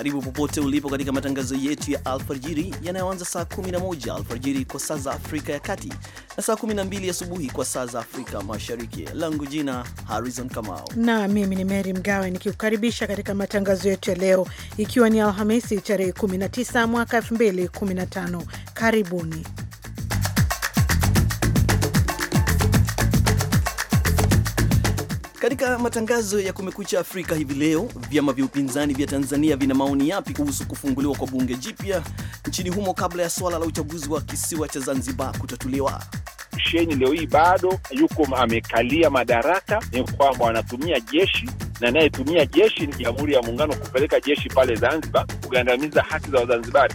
Karibu popote ulipo katika matangazo yetu ya alfajiri yanayoanza saa 11 alfajiri kwa saa za Afrika ya Kati na saa 12 asubuhi kwa saa za Afrika Mashariki. Langu jina Harrison Kamau na mimi ni Mary Mgawe nikikukaribisha katika matangazo yetu ya leo, ikiwa ni Alhamisi tarehe 19 mwaka 2015. Karibuni. Katika matangazo ya Kumekucha Afrika hivi leo, vyama vya upinzani vya Tanzania vina maoni yapi kuhusu kufunguliwa kwa bunge jipya nchini humo kabla ya suala la uchaguzi wa kisiwa cha Zanzibar kutatuliwa? Sheni leo hii bado yuko amekalia madaraka, ni kwamba wanatumia jeshi na anayetumia jeshi ni Jamhuri ya Muungano kupeleka jeshi pale Zanzibar kugandamiza haki za Wazanzibari.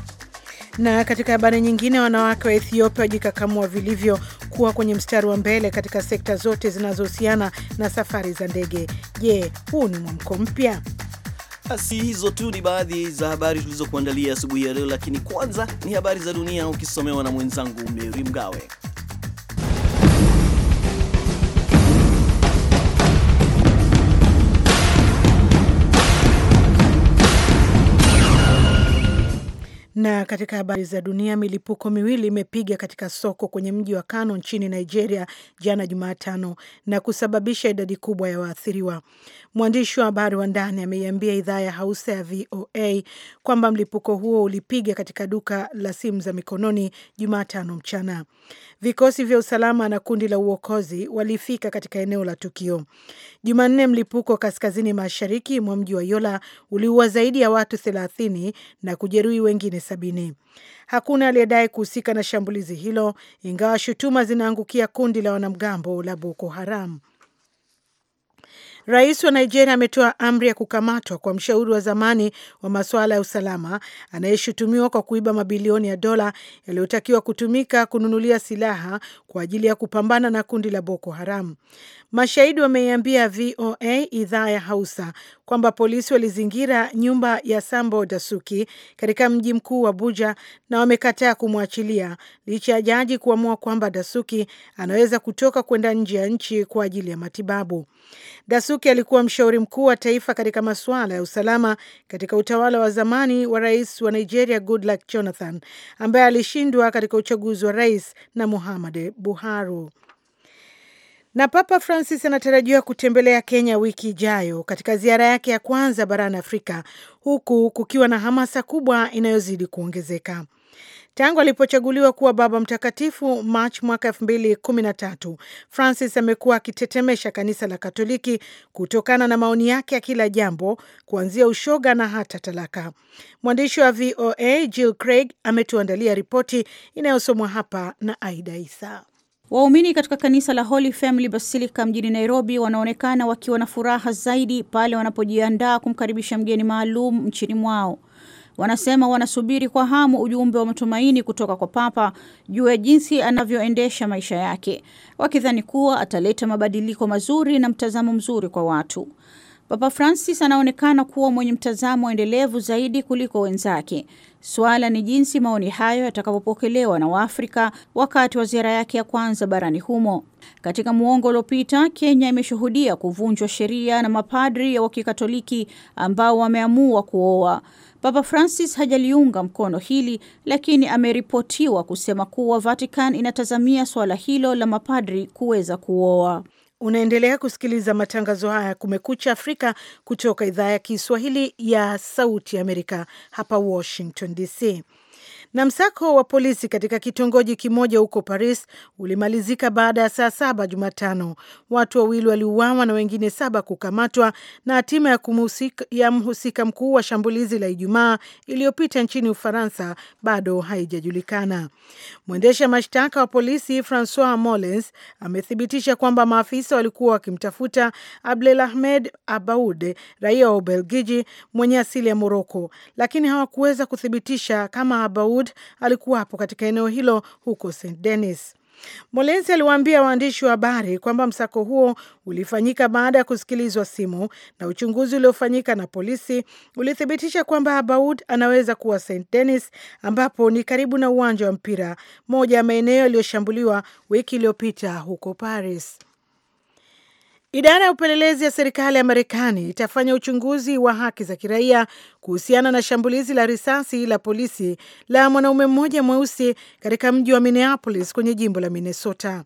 Na katika habari nyingine, wanawake wa Ethiopia wajikakamua vilivyo kuwa kwenye mstari wa mbele katika sekta zote zinazohusiana na safari za ndege. Je, huu ni mwamko mpya? Basi hizo tu ni baadhi za habari tulizokuandalia asubuhi ya leo, lakini kwanza ni habari za dunia ukisomewa na mwenzangu Meri Mgawe. Na katika habari za dunia, milipuko miwili imepiga katika soko kwenye mji wa Kano nchini Nigeria jana Jumatano na kusababisha idadi kubwa ya waathiriwa. Mwandishi wa habari wa ndani ameiambia idhaa ya Hausa ya VOA kwamba mlipuko huo ulipiga katika duka la simu za mikononi Jumatano mchana. Vikosi vya usalama na kundi la uokozi walifika katika eneo la tukio Jumanne. Mlipuko kaskazini mashariki mwa mji wa Yola uliua zaidi ya watu thelathini na kujeruhi wengine sabini. Hakuna aliyedai kuhusika na shambulizi hilo, ingawa shutuma zinaangukia kundi la wanamgambo la Boko Haram. Rais wa Nigeria ametoa amri ya kukamatwa kwa mshauri wa zamani wa masuala ya usalama anayeshutumiwa kwa kuiba mabilioni ya dola yaliyotakiwa kutumika kununulia silaha kwa ajili ya kupambana na kundi la Boko Haram. Mashahidi wameiambia VOA idhaa ya Hausa kwamba polisi walizingira nyumba ya Sambo Dasuki katika mji mkuu wa Abuja na wamekataa kumwachilia licha ya jaji kuamua kwamba Dasuki anaweza kutoka kwenda nje ya nchi kwa ajili ya matibabu. Dasuki alikuwa mshauri mkuu wa taifa katika masuala ya usalama katika utawala wa zamani wa rais wa Nigeria Goodluck Jonathan ambaye alishindwa katika uchaguzi wa rais na muhamad Buhari. Na Papa Francis anatarajiwa kutembelea Kenya wiki ijayo katika ziara yake ya kwanza barani Afrika, huku kukiwa na hamasa kubwa inayozidi kuongezeka. Tangu alipochaguliwa kuwa Baba Mtakatifu Machi mwaka elfu mbili kumi na tatu, Francis amekuwa akitetemesha kanisa la Katoliki kutokana na maoni yake ya kila jambo, kuanzia ushoga na hata talaka. Mwandishi wa VOA Jill Craig ametuandalia ripoti inayosomwa hapa na Aida Isa. Waumini katika kanisa la Holy Family Basilica mjini Nairobi wanaonekana wakiwa na furaha zaidi pale wanapojiandaa kumkaribisha mgeni maalum nchini mwao. Wanasema wanasubiri kwa hamu ujumbe wa matumaini kutoka kwa Papa juu ya jinsi anavyoendesha maisha yake, wakidhani kuwa ataleta mabadiliko mazuri na mtazamo mzuri kwa watu. Papa Francis anaonekana kuwa mwenye mtazamo endelevu zaidi kuliko wenzake. Suala ni jinsi maoni hayo yatakavyopokelewa na Waafrika wakati wa ziara yake ya kwanza barani humo. Katika muongo uliopita, Kenya imeshuhudia kuvunjwa sheria na mapadri wa Kikatoliki ambao wameamua kuoa. Papa Francis hajaliunga mkono hili, lakini ameripotiwa kusema kuwa Vatican inatazamia suala hilo la mapadri kuweza kuoa. Unaendelea kusikiliza matangazo haya Kumekucha Afrika kutoka idhaa ya Kiswahili ya Sauti Amerika hapa Washington DC. Na msako wa polisi katika kitongoji kimoja huko Paris ulimalizika baada ya saa saba Jumatano. Watu wawili waliuawa na wengine saba kukamatwa na hatima ya, ya mhusika mkuu wa shambulizi la Ijumaa iliyopita nchini Ufaransa bado haijajulikana. Mwendesha mashtaka wa polisi Francois Mollens amethibitisha kwamba maafisa walikuwa wakimtafuta ahmed Abaud, raia wa Ubelgiji mwenye asili ya Moroko, lakini hawakuweza kuthibitisha kama Abaud Mahmud alikuwapo katika eneo hilo huko St Denis. Molensi aliwaambia waandishi wa habari kwamba msako huo ulifanyika baada ya kusikilizwa simu na uchunguzi uliofanyika na polisi ulithibitisha kwamba Abaud anaweza kuwa St Denis, ambapo ni karibu na uwanja wa mpira, moja ya maeneo yaliyoshambuliwa wiki iliyopita huko Paris. Idara ya upelelezi ya serikali ya Marekani itafanya uchunguzi wa haki za kiraia kuhusiana na shambulizi la risasi la polisi la mwanaume mmoja mweusi katika mji wa Minneapolis kwenye jimbo la Minnesota.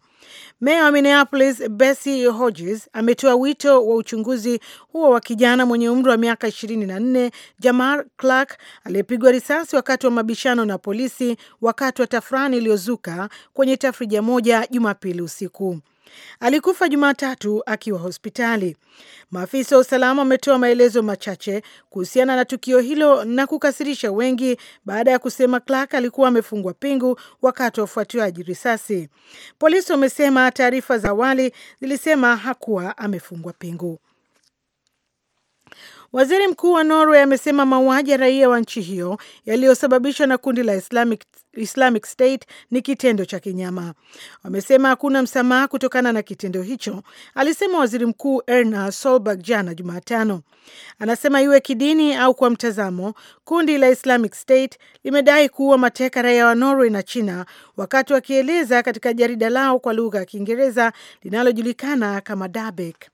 Meya wa Minneapolis Betsy Hodges ametoa wito wa uchunguzi huo wa kijana mwenye umri wa miaka 24 Jamar Clark aliyepigwa risasi wakati wa mabishano na polisi wakati wa tafrani iliyozuka kwenye tafrija moja Jumapili usiku. Alikufa Jumatatu akiwa hospitali. Maafisa wa usalama wametoa maelezo machache kuhusiana na tukio hilo na kukasirisha wengi baada ya kusema Clark alikuwa amefungwa pingu wakati wa ufuatiaji risasi. Polisi wamesema taarifa za awali zilisema hakuwa amefungwa pingu. Waziri mkuu wa Norway amesema mauaji ya raia wa nchi hiyo yaliyosababishwa na kundi la Islamic, Islamic State ni kitendo cha kinyama. Wamesema hakuna msamaha kutokana na kitendo hicho, alisema waziri mkuu Erna Solberg jana Jumatano. Anasema iwe kidini au kwa mtazamo, kundi la Islamic State limedai kuua mateka raia wa Norway na China, wakati wakieleza katika jarida lao kwa lugha ya Kiingereza linalojulikana kama Dabek.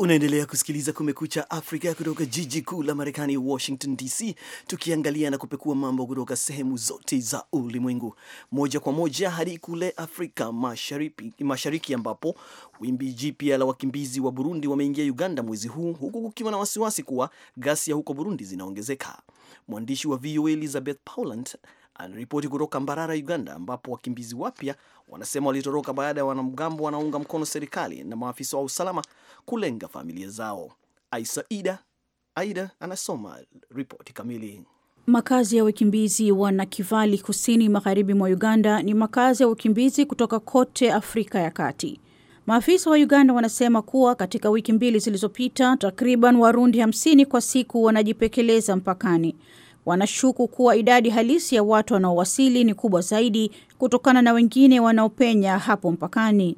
Unaendelea kusikiliza Kumekucha Afrika kutoka jiji kuu la Marekani, Washington DC, tukiangalia na kupekua mambo kutoka sehemu zote za ulimwengu, moja kwa moja hadi kule Afrika Mashariki, Mashariki ambapo wimbi jipya la wakimbizi wa Burundi wameingia Uganda mwezi huu, huku kukiwa na wasiwasi kuwa ghasia huko Burundi zinaongezeka. Mwandishi wa VOA Elizabeth poland anaripoti kutoka Mbarara, Uganda, ambapo wakimbizi wapya wanasema walitoroka baada ya wanamgambo wanaunga mkono serikali na maafisa wa usalama kulenga familia zao. Aisa Ida, Aida anasoma ripoti kamili. Makazi ya wakimbizi wa kivali kusini magharibi mwa Uganda ni makazi ya wakimbizi kutoka kote Afrika ya Kati. Maafisa wa Uganda wanasema kuwa katika wiki mbili zilizopita, takriban Warundi 50 kwa siku wanajipekeleza mpakani. Wanashuku kuwa idadi halisi ya watu wanaowasili ni kubwa zaidi kutokana na wengine wanaopenya hapo mpakani.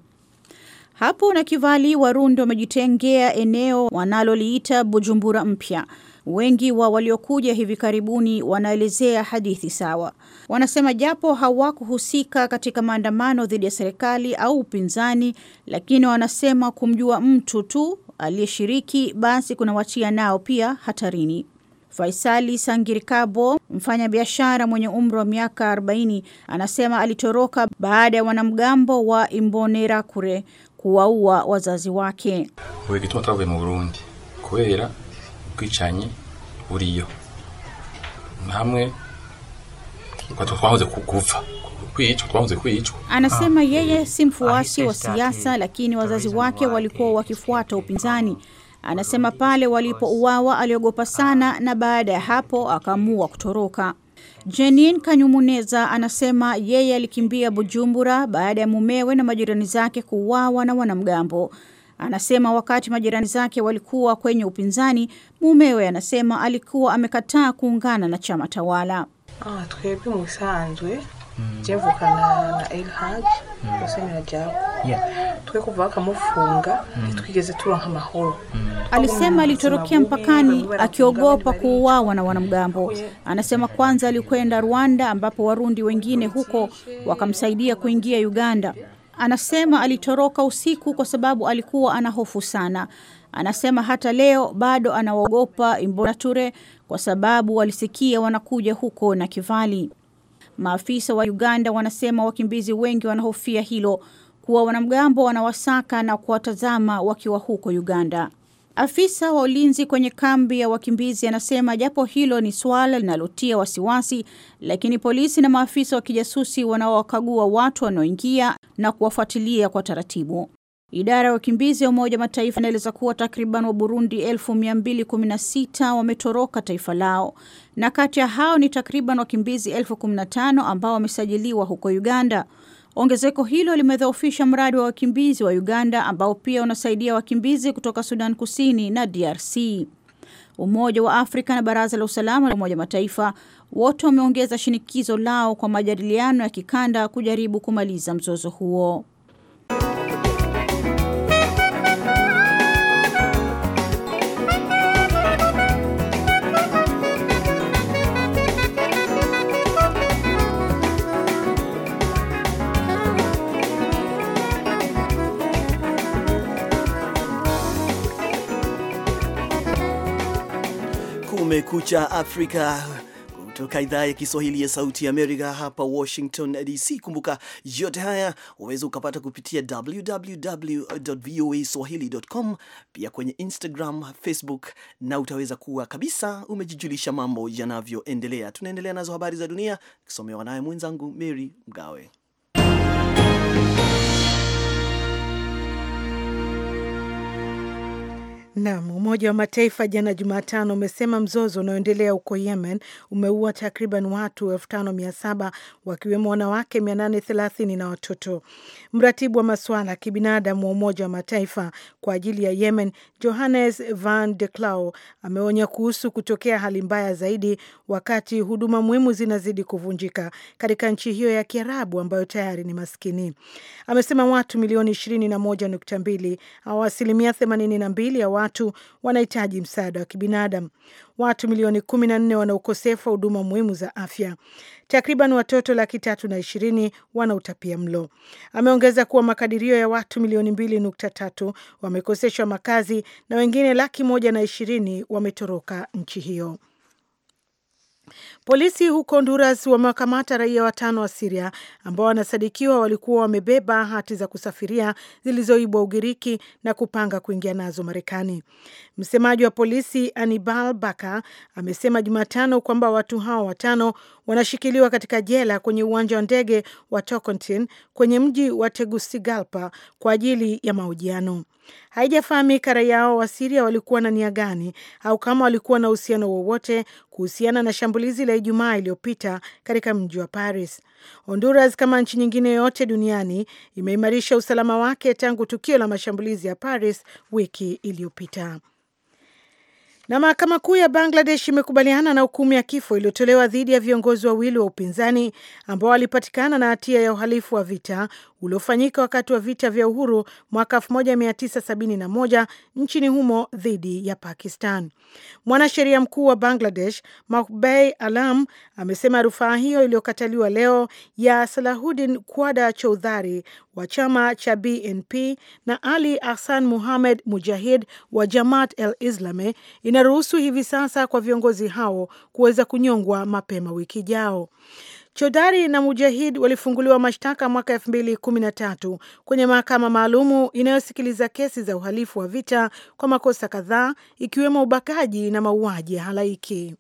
Hapo na kivali Warundi wamejitengea eneo wanaloliita Bujumbura mpya. Wengi wa waliokuja hivi karibuni wanaelezea hadithi sawa. Wanasema japo hawakuhusika katika maandamano dhidi ya serikali au upinzani, lakini wanasema kumjua mtu tu aliyeshiriki basi kunawatia nao pia hatarini. Faisali Sangirikabo, mfanyabiashara mwenye umri wa miaka 40, anasema alitoroka baada ya wanamgambo wa Imbonerakure kuwaua wazazi wake ubu igituma twavuye mu burundi kubera ubwicanyi buriyo hamwe twahoze kugufa Anasema ah, yeye eh, si mfuasi wa siasa, lakini wazazi wake walikuwa wakifuata upinzani. Anasema pale walipouawa aliogopa sana, na baada ya hapo akaamua kutoroka. Jenin Kanyumuneza anasema yeye alikimbia Bujumbura baada ya mumewe na majirani zake kuuawa na wanamgambo. Anasema wakati majirani zake walikuwa kwenye upinzani, mumewe anasema alikuwa amekataa kuungana na chama tawala. Ah, twebwe musanzwe Mm. je na mm. mm. na twe kuva turonka alisema alitorokea mpakani akiogopa kuuawa na wanamgambo anasema kwanza alikwenda rwanda ambapo warundi wengine huko wakamsaidia kuingia uganda anasema alitoroka usiku kwa sababu alikuwa ana hofu sana anasema hata leo bado anawaogopa imbonature kwa sababu walisikia wanakuja huko na kivali Maafisa wa Uganda wanasema wakimbizi wengi wanahofia hilo kuwa wanamgambo wanawasaka na kuwatazama wakiwa huko Uganda. Afisa wa ulinzi kwenye kambi ya wakimbizi anasema japo hilo ni suala linalotia wasiwasi, lakini polisi na maafisa wa kijasusi wanaowakagua watu wanaoingia na kuwafuatilia kwa taratibu. Idara ya wakimbizi ya Umoja wa Mataifa inaeleza kuwa takriban wa Burundi 1216 wametoroka taifa lao, na kati ya hao ni takriban wakimbizi 15 ambao wamesajiliwa huko Uganda. Ongezeko hilo limedhoofisha mradi wa wakimbizi wa Uganda ambao pia unasaidia wakimbizi kutoka Sudan Kusini na DRC. Umoja wa Afrika na Baraza la Usalama la Umoja Mataifa wote wameongeza shinikizo lao kwa majadiliano ya kikanda kujaribu kumaliza mzozo huo. Kumekucha Afrika kutoka idhaa ya Kiswahili ya Sauti ya Amerika hapa Washington DC. Kumbuka yote haya uweze ukapata kupitia swahilicom pia kwenye Instagram, Facebook na utaweza kuwa kabisa umejijulisha mambo yanavyoendelea. Tunaendelea nazo habari za dunia, kisomewa naye mwenzangu Mary Mgawe. Nam, Umoja wa Mataifa jana Jumatano umesema mzozo unaoendelea huko Yemen umeua takriban watu 5700 wakiwemo wanawake 830 na watoto. Mratibu wa masuala ya kibinadamu wa Umoja wa Mataifa kwa ajili ya Yemen, Johannes van de Clau, ameonya kuhusu kutokea hali mbaya zaidi, wakati huduma muhimu zinazidi kuvunjika katika nchi hiyo ya Kiarabu ambayo tayari ni maskini. Amesema watu milioni 21.2 au asilimia 82 watu wanahitaji msaada wa kibinadamu. Watu milioni kumi na nne wana ukosefu wa huduma muhimu za afya. Takriban watoto laki tatu na ishirini wana utapia mlo. Ameongeza kuwa makadirio ya watu milioni mbili nukta tatu wamekoseshwa makazi na wengine laki moja na ishirini wametoroka nchi hiyo. Polisi huko Honduras wamewakamata raia watano wa Siria ambao wanasadikiwa walikuwa wamebeba hati za kusafiria zilizoibwa Ugiriki na kupanga kuingia nazo Marekani. Msemaji wa polisi Anibal Baka amesema Jumatano kwamba watu hao watano wanashikiliwa katika jela kwenye uwanja wa ndege wa tokontin kwenye mji wa tegusigalpa kwa ajili ya mahojiano. Haijafahamika raia hao wa Siria walikuwa na nia gani au kama walikuwa na uhusiano wowote kuhusiana na shambulizi la Ijumaa iliyopita katika mji wa Paris. Honduras, kama nchi nyingine yoyote duniani, imeimarisha usalama wake tangu tukio la mashambulizi ya Paris wiki iliyopita. Na mahakama kuu ya Bangladesh imekubaliana na hukumu ya kifo iliyotolewa dhidi ya viongozi wawili wa upinzani ambao walipatikana na hatia ya uhalifu wa vita uliofanyika wakati wa vita vya uhuru mwaka 1971 nchini humo dhidi ya Pakistan. Mwanasheria mkuu wa Bangladesh Mahbub Alam amesema rufaa hiyo iliyokataliwa leo ya Salahuddin Kwada Choudhary wa chama cha BNP na Ali Ahsan Muhamed Mujahid wa Jamaat el Islame inaruhusu hivi sasa kwa viongozi hao kuweza kunyongwa mapema wiki ijao. Chodari na Mujahid walifunguliwa mashtaka mwaka tatu kwenye mahakama maalumu inayosikiliza kesi za uhalifu wa vita kwa makosa kadhaa ikiwemo ubakaji na mauaji ya halaiki.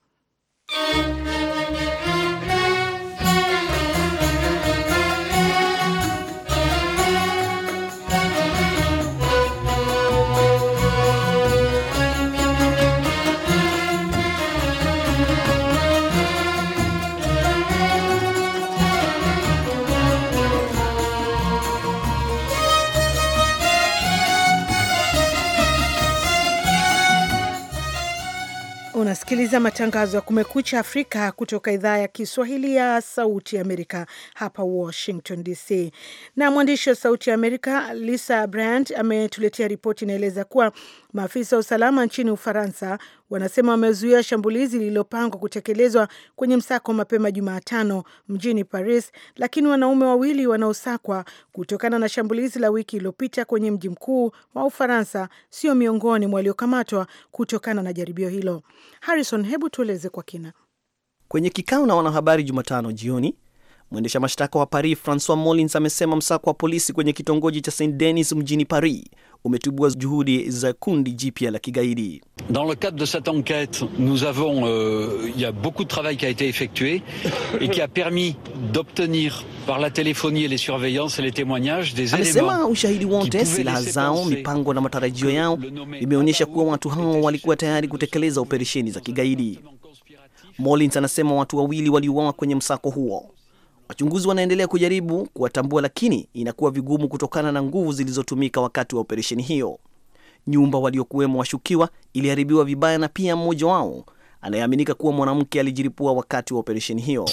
Unasikiliza matangazo ya Kumekucha Afrika kutoka idhaa ya Kiswahili ya Sauti Amerika hapa Washington DC, na mwandishi wa Sauti ya Amerika Lisa Brand ametuletea ripoti inaeleza kuwa maafisa wa usalama nchini Ufaransa wanasema wamezuia shambulizi lililopangwa kutekelezwa kwenye msako mapema Jumatano mjini Paris, lakini wanaume wawili wanaosakwa kutokana na shambulizi la wiki iliyopita kwenye mji mkuu wa Ufaransa sio miongoni mwa waliokamatwa kutokana na jaribio hilo. Harrison, hebu tueleze kwa kina. Kwenye kikao na wanahabari Jumatano jioni, Mwendesha mashtaka wa Paris Francois Molins amesema msako wa polisi kwenye kitongoji cha St Denis mjini Paris umetubua juhudi za kundi jipya la kigaidi. Dans le cadre de cette enquête, nous avons euh, il y a beaucoup de travail qui a été effectué et qui a permis d'obtenir par la téléphonie et les surveillances et les témoignages des amesema Ushahidi wote, silaha zao, mipango na matarajio yao imeonyesha kuwa watu hao walikuwa tayari kutekeleza operesheni za kigaidi. Molins anasema watu wawili waliuawa kwenye msako huo. Wachunguzi wanaendelea kujaribu kuwatambua, lakini inakuwa vigumu kutokana na nguvu zilizotumika wakati wa operesheni hiyo. Nyumba waliokuwemo washukiwa iliharibiwa vibaya na pia mmoja wao anayeaminika kuwa mwanamke alijiripua wakati wa operesheni hiyo.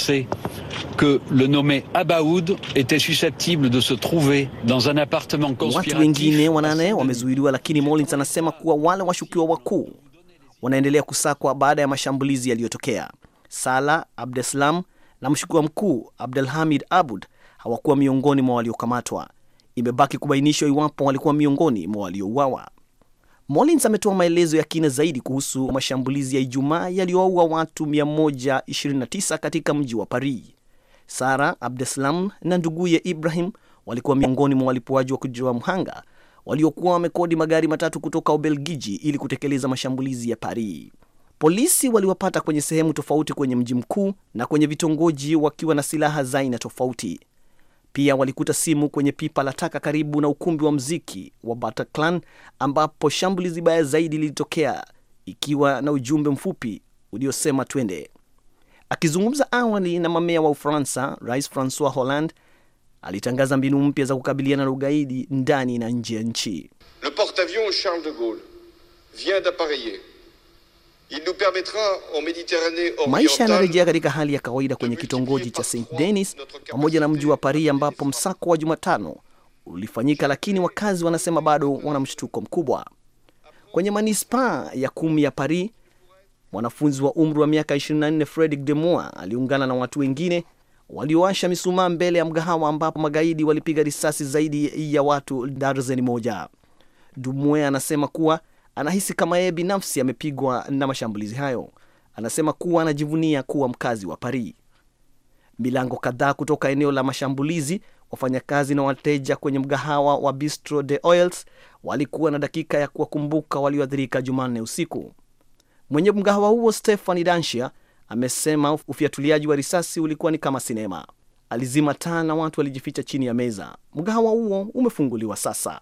Watu wengine wanane wamezuiliwa, lakini Mullins anasema kuwa wale washukiwa wakuu wanaendelea kusakwa baada ya mashambulizi yaliyotokea. Sala Abdeslam na mshukiwa mkuu Abdelhamid Abud hawakuwa miongoni mwa waliokamatwa. Imebaki kubainishwa iwapo walikuwa miongoni mwa waliouawa. Mullins ametoa maelezo ya kina zaidi kuhusu mashambulizi ya Ijumaa yaliyoua watu 129 katika mji wa Paris. Sara Abdeslam na nduguye Ibrahim walikuwa miongoni mwa walipuaji wa kujitoa mhanga waliokuwa wamekodi magari matatu kutoka Ubelgiji ili kutekeleza mashambulizi ya Paris. Polisi waliwapata kwenye sehemu tofauti kwenye mji mkuu na kwenye vitongoji wakiwa na silaha za aina tofauti. Pia walikuta simu kwenye pipa la taka karibu na ukumbi wa mziki wa Bataclan ambapo shambulizi baya zaidi lilitokea, ikiwa na ujumbe mfupi uliosema twende. Akizungumza awali na mamea wa Ufaransa, Rais Francois Hollande alitangaza mbinu mpya za kukabiliana na ugaidi ndani na nje ya nchi. Le porte-avions Charles de Gaulle vient d'appareiller Maisha yanarejea katika hali ya kawaida kwenye kitongoji cha St Denis pamoja na mji wa Paris ambapo msako wa Jumatano ulifanyika, lakini wakazi wanasema bado wana mshtuko mkubwa. Kwenye manispaa ya kumi ya Paris, mwanafunzi wa umri wa miaka 24 Fredric Demoa aliungana na watu wengine walioasha misumaa mbele ya mgahawa ambapo magaidi walipiga risasi zaidi ya watu darzeni moja. Dumue anasema kuwa anahisi kama yeye binafsi amepigwa na mashambulizi hayo. Anasema kuwa anajivunia kuwa mkazi wa Paris. Milango kadhaa kutoka eneo la mashambulizi, wafanyakazi na wateja kwenye mgahawa wa Bistro de Oils walikuwa na dakika ya kuwakumbuka walioathirika Jumanne usiku. Mwenye mgahawa huo stehan Danshia amesema ufiatuliaji wa risasi ulikuwa ni kama sinema. Alizima taa na watu walijificha chini ya meza. Mgahawa huo umefunguliwa sasa.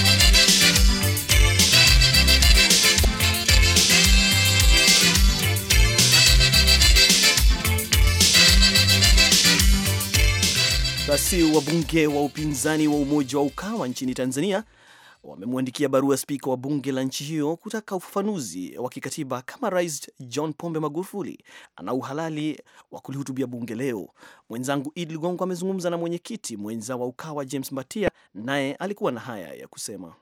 Basi wabunge wa upinzani wa umoja wa Ukawa nchini Tanzania wamemwandikia barua spika wa bunge la nchi hiyo kutaka ufafanuzi wa kikatiba kama Rais John Pombe Magufuli ana uhalali wa kulihutubia bunge leo. Mwenzangu ed Ligongo amezungumza na mwenyekiti mwenza wa Ukawa James Matia, naye alikuwa na haya ya kusema.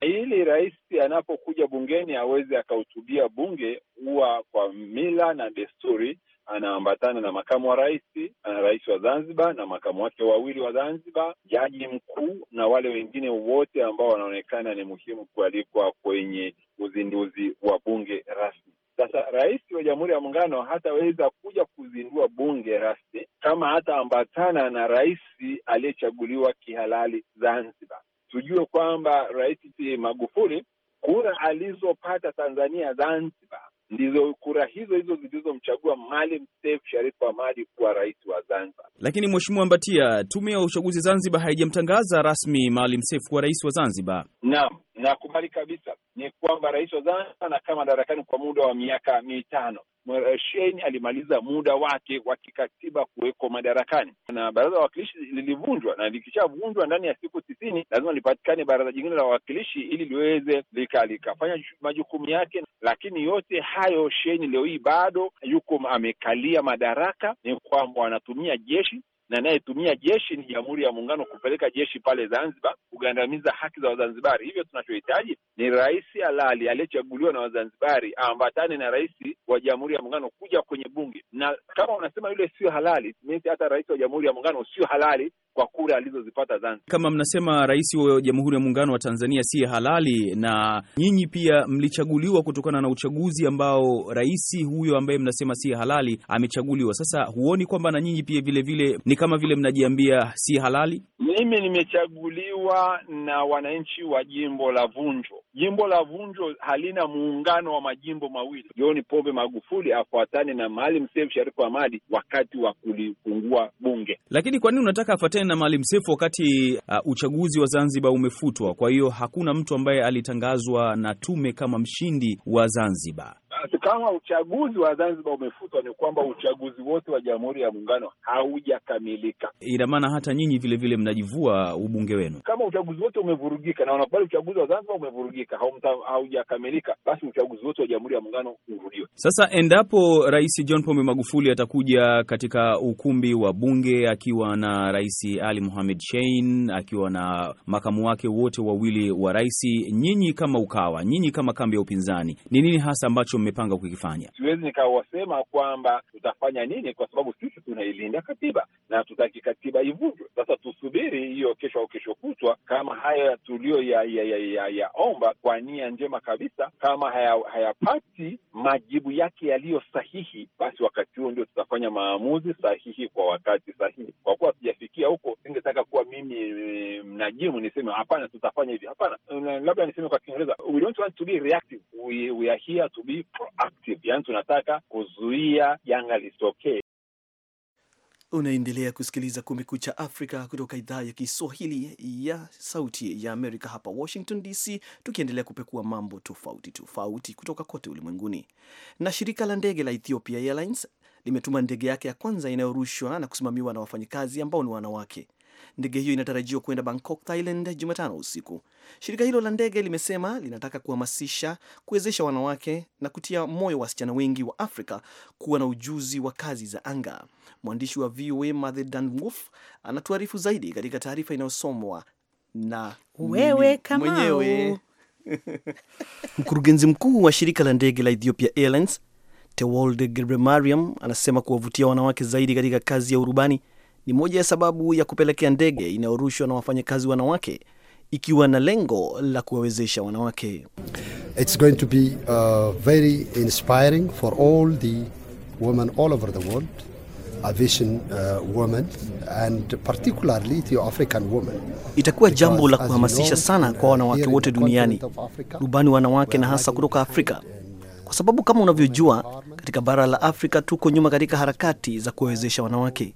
Ili rais anapokuja bungeni aweze akahutubia bunge, huwa kwa mila na desturi anaambatana na makamu wa rais na rais wa Zanzibar na makamu wake wawili wa Zanzibar, jaji mkuu na wale wengine wote ambao wanaonekana ni muhimu kualikwa kwenye uzinduzi wa bunge rasmi. Sasa rais wa Jamhuri ya Muungano hataweza kuja kuzindua bunge rasmi kama hataambatana na rais aliyechaguliwa kihalali Zanzibar. Tujue kwamba Rais Magufuli kura alizopata Tanzania Zanzibar ndizo kura hizo hizo zilizomchagua Maalim Seif Sharif Hamad kuwa rais wa Zanzibar. Lakini Mheshimiwa Mbatia, tume ya uchaguzi Zanzibar haijamtangaza rasmi Maalim Seif kuwa rais wa Zanzibar. Naam, Nakubali kabisa ni kwamba rais wa Zanzibar anakaa madarakani kwa muda wa miaka mitano. Shein alimaliza muda wake wa kikatiba kuwekwa madarakani, na baraza la wawakilishi lilivunjwa, na likishavunjwa ndani ya siku tisini lazima lipatikane baraza jingine la wawakilishi ili liweze likafanya majukumu yake. Lakini yote hayo Shein leo hii bado yuko amekalia madaraka, ni kwamba wanatumia jeshi na anayetumia jeshi ni Jamhuri ya Muungano kupeleka jeshi pale Zanzibar kugandamiza haki za Wazanzibari. Hivyo tunachohitaji ni rais halali aliyechaguliwa na Wazanzibari aambatane na rais wa Jamhuri ya Muungano kuja kwenye bunge, na kama unasema yule sio halali, hata rais wa Jamhuri ya Muungano sio halali, kwa kura alizozipata Zanzibar. Kama mnasema rais wa Jamhuri ya Muungano wa Tanzania si halali, na nyinyi pia mlichaguliwa kutokana na uchaguzi ambao rais huyo ambaye mnasema si halali amechaguliwa. Sasa huoni kwamba na nyinyi pia vile vile ni kama vile mnajiambia si halali? Mimi nimechaguliwa na wananchi wa jimbo la Vunjo Jimbo la Vunjo halina muungano wa majimbo mawili. John Pombe Magufuli afuatane na Maalim Seif Sharifu Hamadi wakati wa kulifungua bunge. Lakini kwa nini unataka afuatane na Maalim Seif wakati uh, uchaguzi wa Zanzibar umefutwa? Kwa hiyo hakuna mtu ambaye alitangazwa na tume kama mshindi wa Zanzibar kama uchaguzi wa Zanzibar umefutwa, ni kwamba uchaguzi wote wa Jamhuri ya Muungano haujakamilika. Ina maana hata nyinyi vile vile mnajivua ubunge wenu. Kama uchaguzi wote umevurugika, na wanakubali uchaguzi wa Zanzibar umevurugika, haujakamilika, basi uchaguzi wote wa Jamhuri ya Muungano urudiwe. Sasa endapo Rais John Pombe Magufuli atakuja katika ukumbi wa Bunge akiwa na Rais Ali Mohamed Shein akiwa na makamu wake wote wawili wa rais, nyinyi kama UKAWA, nyinyi kama kambi ya upinzani, ni nini hasa ambacho mmepanga kukifanya? Siwezi nikawasema kwamba tutafanya nini, kwa sababu sisi tunailinda katiba na tutaki katiba ivunjwe. Sasa tusubiri hiyo kesho au kesho kutwa, kama haya ya kwa nia njema kabisa, kama hayapati haya majibu yake yaliyo sahihi, basi wakati huo ndio tutafanya maamuzi sahihi kwa wakati sahihi. Kwa kuwa sijafikia huko, singetaka kuwa mimi eh, mnajimu niseme hapana, tutafanya hivi. Hapana, eh, labda niseme kwa Kiingereza, we don't want to be reactive, we, we are here to be proactive, yani tunataka kuzuia janga lisitokee. Unaendelea kusikiliza Kumekucha Afrika kutoka idhaa ya Kiswahili ya Sauti ya Amerika hapa Washington DC, tukiendelea kupekua mambo tofauti tofauti kutoka kote ulimwenguni. Na shirika la ndege la Ethiopia Airlines limetuma ndege yake ya kwanza inayorushwa na kusimamiwa na wafanyikazi ambao ni wanawake. Ndege hiyo inatarajiwa kwenda Bangkok, Thailand, Jumatano usiku. Shirika hilo la ndege limesema linataka kuhamasisha, kuwezesha wanawake na kutia moyo wasichana wengi wa Afrika kuwa na ujuzi wa kazi za anga. Mwandishi wa VOA Dan Wolf anatuarifu zaidi katika taarifa inayosomwa na wewe kama mwenyewe. Mkurugenzi mkuu wa shirika la ndege la Ethiopia Airlines Tewolde Gebremariam anasema kuwavutia wanawake zaidi katika kazi ya urubani ni moja ya sababu ya kupelekea ndege inayorushwa na wafanyakazi wanawake ikiwa na lengo la kuwawezesha wanawake. It's going to be uh, very inspiring for all the women all over the world aviation uh, women and particularly the African Itakuwa jambo la kuhamasisha sana kwa uh, wanawake wote duniani, rubani wanawake na hasa kutoka Afrika, uh, kwa sababu kama unavyojua, katika bara la Afrika tuko nyuma katika harakati za kuwawezesha wanawake.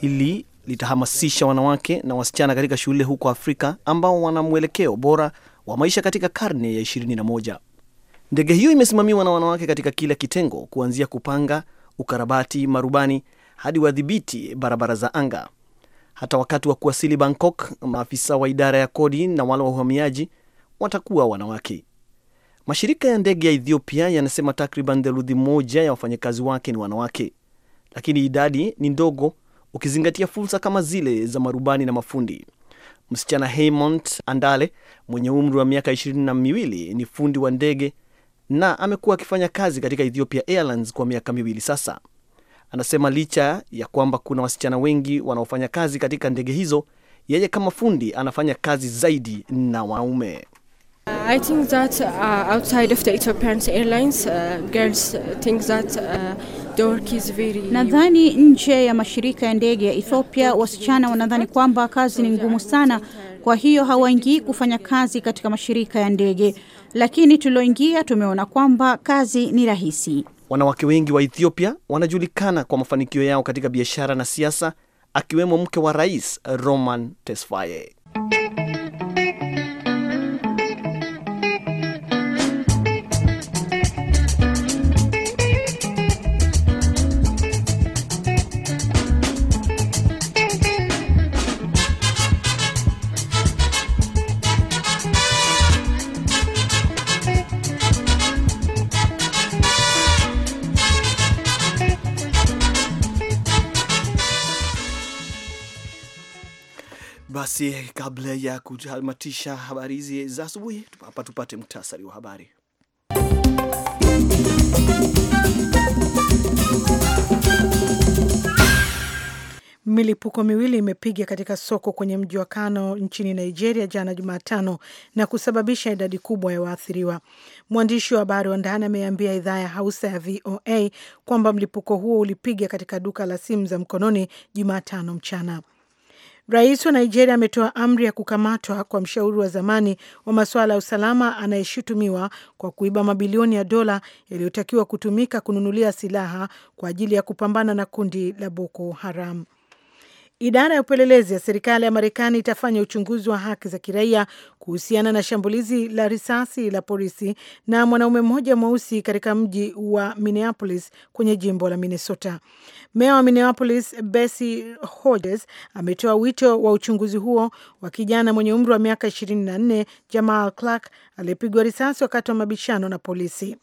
Hili litahamasisha wanawake na wasichana katika shule huko Afrika ambao wana mwelekeo bora wa maisha katika karne ya 21. Ndege hiyo imesimamiwa na wanawake katika kila kitengo, kuanzia kupanga, ukarabati, marubani hadi wadhibiti barabara za anga. Hata wakati wa kuwasili Bangkok, maafisa wa idara ya kodi na wale wa uhamiaji watakuwa wanawake. Mashirika ya ndege ya Ethiopia yanasema takriban theluthi moja ya wafanyakazi wake ni wanawake, lakini idadi ni ndogo ukizingatia fursa kama zile za marubani na mafundi. Msichana Haymont Andale mwenye umri wa miaka ishirini na miwili ni fundi wa ndege na amekuwa akifanya kazi katika Ethiopia Airlines kwa miaka miwili sasa. Anasema licha ya kwamba kuna wasichana wengi wanaofanya kazi katika ndege hizo, yeye kama fundi anafanya kazi zaidi na wanaume. I think that, uh, outside of the Ethiopian Airlines, uh, girls uh, think that, uh, Nadhani nje ya mashirika ya ndege ya Ethiopia, wasichana wanadhani kwamba kazi ni ngumu sana, kwa hiyo hawaingii kufanya kazi katika mashirika ya ndege, lakini tulioingia tumeona kwamba kazi ni rahisi. Wanawake wengi wa Ethiopia wanajulikana kwa mafanikio yao katika biashara na siasa, akiwemo mke wa rais Roman Tesfaye. Basi kabla ya kutamatisha habari hizi za asubuhi, hapa tupate muhtasari wa habari. Milipuko miwili imepiga katika soko kwenye mji wa Kano nchini Nigeria jana Jumatano na kusababisha idadi kubwa ya waathiriwa. Mwandishi wa habari wa ndani ameambia idhaa ya Hausa ya VOA kwamba mlipuko huo ulipiga katika duka la simu za mkononi Jumatano mchana. Rais wa Nigeria ametoa amri ya kukamatwa kwa mshauri wa zamani wa masuala ya usalama anayeshutumiwa kwa kuiba mabilioni ya dola yaliyotakiwa kutumika kununulia silaha kwa ajili ya kupambana na kundi la Boko Haram. Idara ya upelelezi ya serikali ya Marekani itafanya uchunguzi wa haki za kiraia kuhusiana na shambulizi la risasi la polisi na mwanaume mmoja mweusi katika mji wa Minneapolis kwenye jimbo la Minnesota. Meya wa Minneapolis Betsy Hodges ametoa wito wa uchunguzi huo wa kijana mwenye umri wa miaka 24 Jamal Clark aliyepigwa risasi wakati wa mabishano na polisi.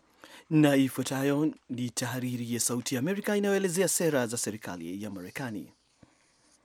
Na ifuatayo ni tahariri ya Sauti ya Amerika inayoelezea sera za serikali ya Marekani.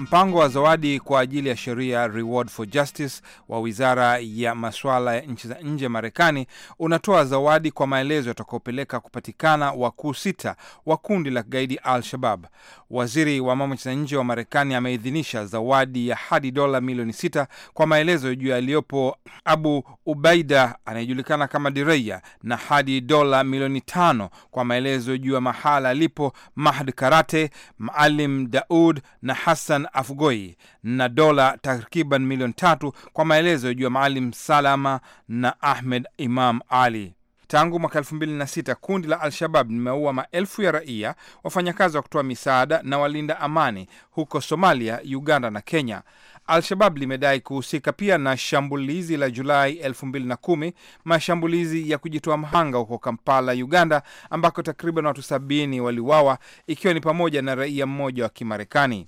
Mpango wa zawadi kwa ajili ya sheria Reward for Justice wa wizara ya masuala ya nchi za nje ya Marekani unatoa zawadi kwa maelezo yatakaopeleka kupatikana wakuu sita wa kundi la kigaidi Al Shabab. Waziri wa mambo ya nje wa Marekani ameidhinisha zawadi ya hadi dola milioni sita kwa maelezo juu yaliyopo Abu Ubaida anayejulikana kama Direya na hadi dola milioni tano kwa maelezo juu ya mahala alipo Mahd Karate, Maalim Daud na Hassan Afgoi na dola takriban milioni tatu kwa maelezo juu ya Maalim Salama na Ahmed Imam Ali. Tangu mwaka elfu mbili na sita kundi la Al-Shabab limeua maelfu ya raia, wafanyakazi wa kutoa misaada na walinda amani huko Somalia, Uganda na Kenya. Al-Shabab limedai kuhusika pia na shambulizi la Julai elfu mbili na kumi, mashambulizi ya kujitoa mhanga huko Kampala, Uganda, ambako takriban watu sabini waliuawa, ikiwa ni pamoja na raia mmoja wa Kimarekani.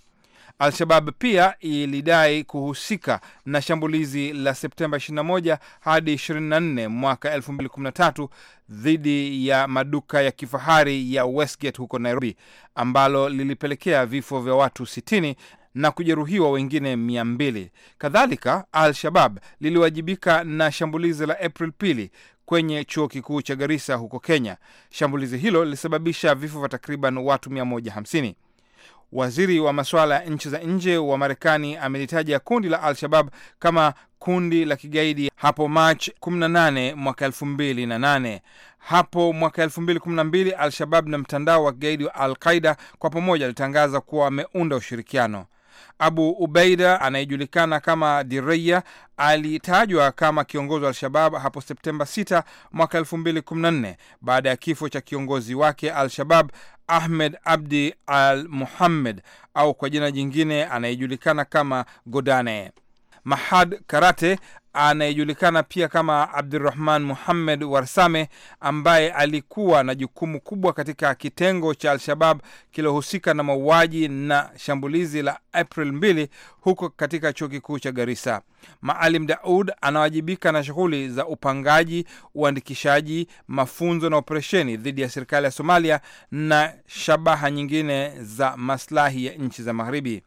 Al-Shabab pia ilidai kuhusika na shambulizi la Septemba 21 hadi 24 mwaka 2013 dhidi ya maduka ya kifahari ya Westgate huko Nairobi, ambalo lilipelekea vifo vya watu 60 na kujeruhiwa wengine 20 Kadhalika, Al-Shabab liliwajibika na shambulizi la April pili kwenye chuo kikuu cha Garissa huko Kenya. Shambulizi hilo lilisababisha vifo vya takriban watu 150. Waziri wa masuala ya nchi za nje wa Marekani amelitaja kundi la Al-Shabab kama kundi la kigaidi hapo Machi 18 mwaka 2008. Hapo mwaka 2012 Al-Shabab na mtandao wa kigaidi wa Al-Qaida kwa pamoja walitangaza kuwa wameunda ushirikiano. Abu Ubaida anayejulikana kama Direya alitajwa kama kiongozi wa Al-Shabab hapo Septemba 6 mwaka 2014 baada ya kifo cha kiongozi wake Al-Shabab Ahmed Abdi Al Muhammed au kwa jina jingine anayejulikana kama Godane. Mahad Karate anayejulikana pia kama Abdurahman Muhammed Warsame ambaye alikuwa na jukumu kubwa katika kitengo cha Al-Shabab kilohusika na mauaji na shambulizi la April 2 huko katika chuo kikuu cha Garissa. Maalim Daud anawajibika na shughuli za upangaji, uandikishaji, mafunzo na operesheni dhidi ya serikali ya Somalia na shabaha nyingine za maslahi ya nchi za Magharibi.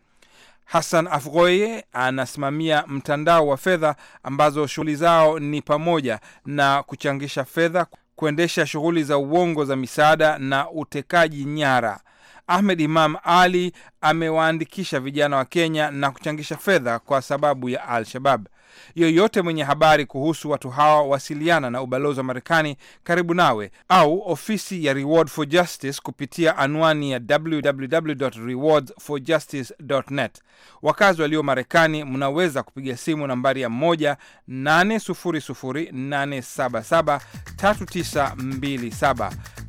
Hassan Afgoye anasimamia mtandao wa fedha ambazo shughuli zao ni pamoja na kuchangisha fedha, kuendesha shughuli za uongo za misaada na utekaji nyara. Ahmed Imam Ali amewaandikisha vijana wa Kenya na kuchangisha fedha kwa sababu ya Al-Shabab. Yoyote mwenye habari kuhusu watu hawa wasiliana na ubalozi wa Marekani karibu nawe au ofisi ya Reward for Justice kupitia anwani ya www.rewardsforjustice.net. Wakazi walio Marekani, mnaweza kupiga simu nambari ya 1 800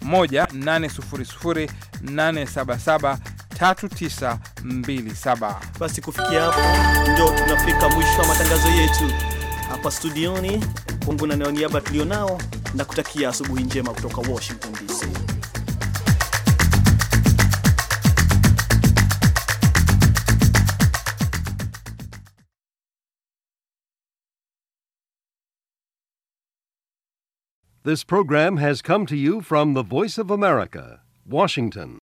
877 3927. Basi kufikia hapo ndio tunafika mwisho wa matangazo yetu hapa studioni na tulionao na kutakia asubuhi njema kutoka Washington DC. This program has come to you from the Voice of America, Washington.